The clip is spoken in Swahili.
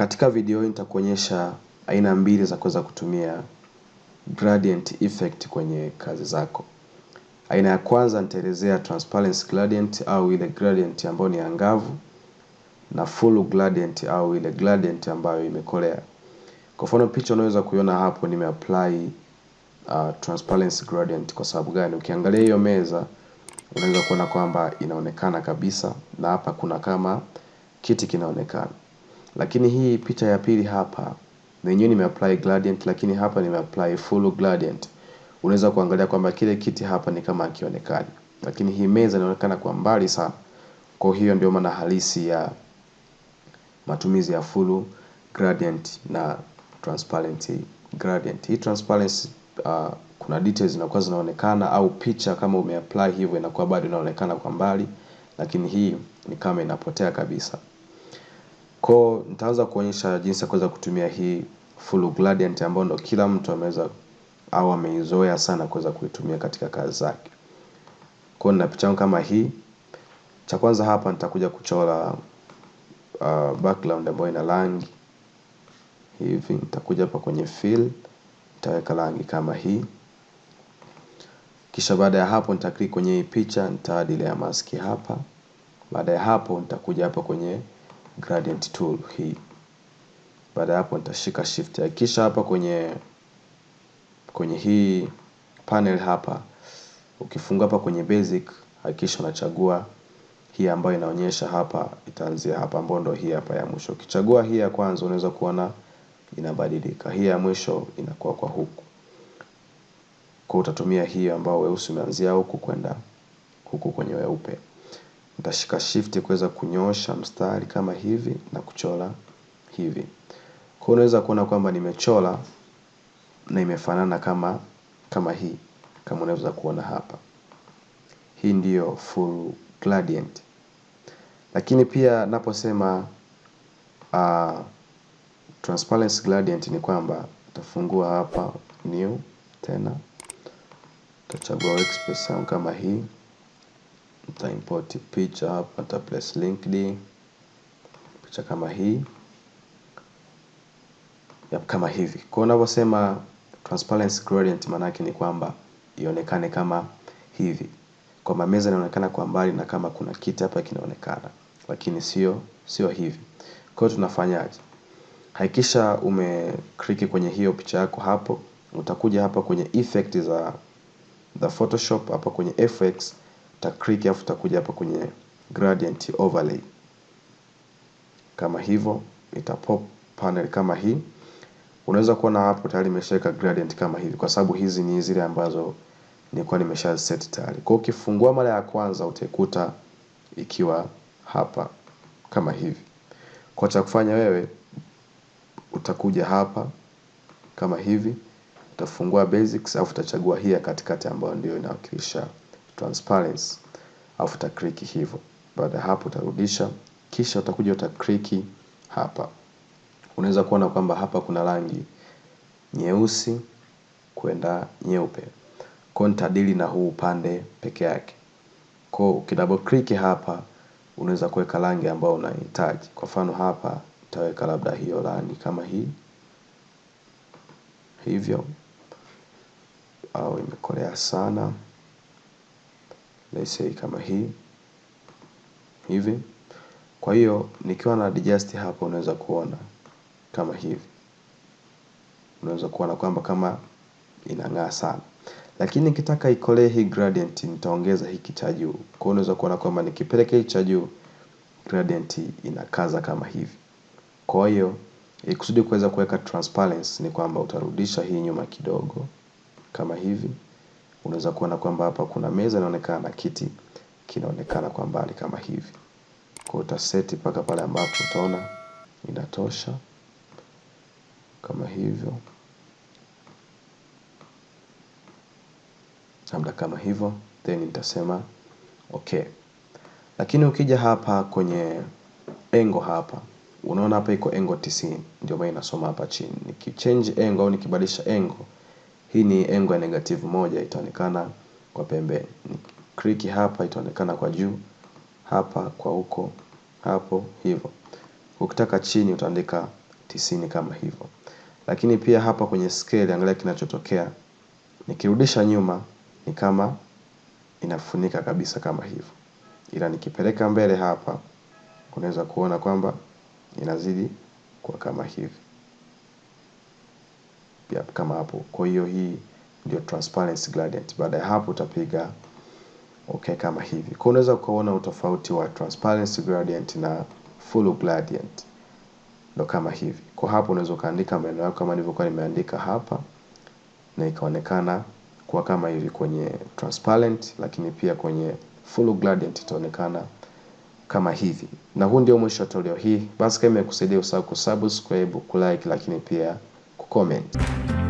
Katika video hii nitakuonyesha aina mbili za kuweza kutumia gradient effect kwenye kazi zako. Aina ya kwanza nitaelezea transparency gradient au ile gradient ambayo ni angavu na full gradient au ile gradient ambayo imekolea. Kwa mfano picha unaweza kuiona hapo nime apply uh, transparency gradient kwa sababu gani? Ukiangalia hiyo meza unaweza kuona kwamba inaonekana kabisa na hapa kuna kama kiti kinaonekana lakini hii picha ya pili hapa yenyewe nimeapply gradient lakini hapa nimeapply full gradient unaweza kuangalia kwamba kile kiti hapa ni kama akionekani lakini hii meza inaonekana kwa mbali sana kwa hiyo ndio maana halisi ya matumizi ya full gradient na transparent gradient hii transparency uh, kuna details zinakuwa zinaonekana au picha kama umeapply hivyo inakuwa bado inaonekana kwa mbali lakini hii ni kama inapotea kabisa kwa nitaanza kuonyesha jinsi ya kuweza kutumia hii full gradient ambayo ndo kila mtu ameweza au ameizoea sana kuweza kuitumia katika kazi zake. Kwa nina picha kama hii. Cha kwanza hapa nitakuja kuchora uh, background ambayo ina rangi hivi nitakuja hapa kwenye fill nitaweka rangi kama hii kisha baada ya hapo nitaklik kwenye hii picha nitaadi layer mask hapa baada ya hapo nitakuja hapa kwenye gradient tool hii. Baada ya hapo nitashika shift, kisha hapa kwenye kwenye hii panel hapa, ukifunga hapa kwenye basic, hakikisha unachagua hii ambayo inaonyesha hapa, itaanzia hapa ambayo ndio hii hapa ya mwisho. Ukichagua hii ya kwanza unaweza kuona inabadilika, hii ya mwisho inakuwa kwa huku. Kwa utatumia hii ambayo weusi umeanzia huku kwenda huku kwenye weupe. Nitashika shift kuweza kunyosha mstari kama hivi na kuchora hivi. Kwa hiyo unaweza kuona kwamba nimechora na imefanana kama kama hii kama unaweza kuona hapa. Hii ndiyo full gradient. Lakini pia naposema uh, transparency gradient ni kwamba utafungua hapa new tena utachagua workspace kama hii import picha hapa, ta place linked picha kama hii ya kama hivi. Kwa unavyosema transparency gradient, maana yake ni kwamba ionekane kama hivi, kwamba meza inaonekana kwa mbali na kama kuna kiti hapa kinaonekana, lakini sio sio hivi. Kwa hiyo tunafanyaje? Hakikisha umekliki kwenye hiyo picha yako hapo, utakuja hapa kwenye effect za the Photoshop hapa kwenye effects, uta click afu utakuja hapa kwenye gradient overlay kama hivyo, ita pop panel kama hii. Unaweza kuona hapo tayari nimeshaweka gradient kama hivi, kwa sababu hizi ni zile ambazo nilikuwa nimesha set tayari. Kwa ukifungua mara ya kwanza utaikuta ikiwa hapa kama hivi. Kwa cha kufanya wewe utakuja hapa kama hivi, utafungua basics, alafu utachagua hii katikati ambayo ndio inawakilisha transparency alafu utakliki hivyo baada ya hapo utarudisha kisha utakuja utakliki hapa unaweza kuona kwamba hapa kuna rangi nyeusi kwenda nyeupe kwa nitadili na huu upande peke yake kwa ukidouble click hapa unaweza kuweka rangi ambayo unahitaji kwa mfano hapa utaweka labda hiyo rangi kama hii hivyo au imekolea sana let's say kama hii hivi. Kwa hiyo nikiwa na adjust hapa, unaweza kuona kama hivi, unaweza kuona kwamba kama inang'aa sana, lakini nikitaka ikolee hii gradient, nitaongeza hiki cha juu. Kwa hiyo unaweza kuona kwamba nikipeleka hiki cha juu, gradient inakaza kama hivi. Kwa hiyo ikusudi kuweza kuweka transparency, ni kwamba utarudisha hii nyuma kidogo kama hivi unaweza kuona kwamba hapa kuna meza inaonekana na kiti kinaonekana kwa mbali kama hivi. Kwa utaseti mpaka pale ambapo utaona inatosha kama hivyo, labda kama hivyo, then nitasema okay. Lakini ukija hapa kwenye engo hapa unaona hapa iko engo 90 ndio maana inasoma hapa chini. Nikichange engo au nikibadilisha engo hii ni angle ya negative moja itaonekana kwa pembeni. Click hapa itaonekana kwa juu, hapa kwa huko, hapo hivyo. Ukitaka chini utaandika tisini kama hivyo. Lakini pia hapa kwenye scale angalia kinachotokea. Nikirudisha nyuma ni kama inafunika kabisa kama hivyo. Ila nikipeleka mbele hapa unaweza kuona kwamba inazidi kwa kama hivi kama hapo. Kwa hiyo hii ndio transparency gradient. Baada ya hapo utapiga okay kama hivi. Kwa unaweza kuona utofauti wa transparency gradient na full gradient. ndo kama hivi. Kwa hapo unaweza ukaandika maneno yako kama nilivyokuwa nimeandika hapa na ikaonekana kuwa kama hivi kwenye transparent, lakini pia kwenye full gradient itaonekana kama hivi. Na huu ndio mwisho wa tutorial hii. Basi kama imekusaidia usahau kusubscribe, kulike, lakini pia commons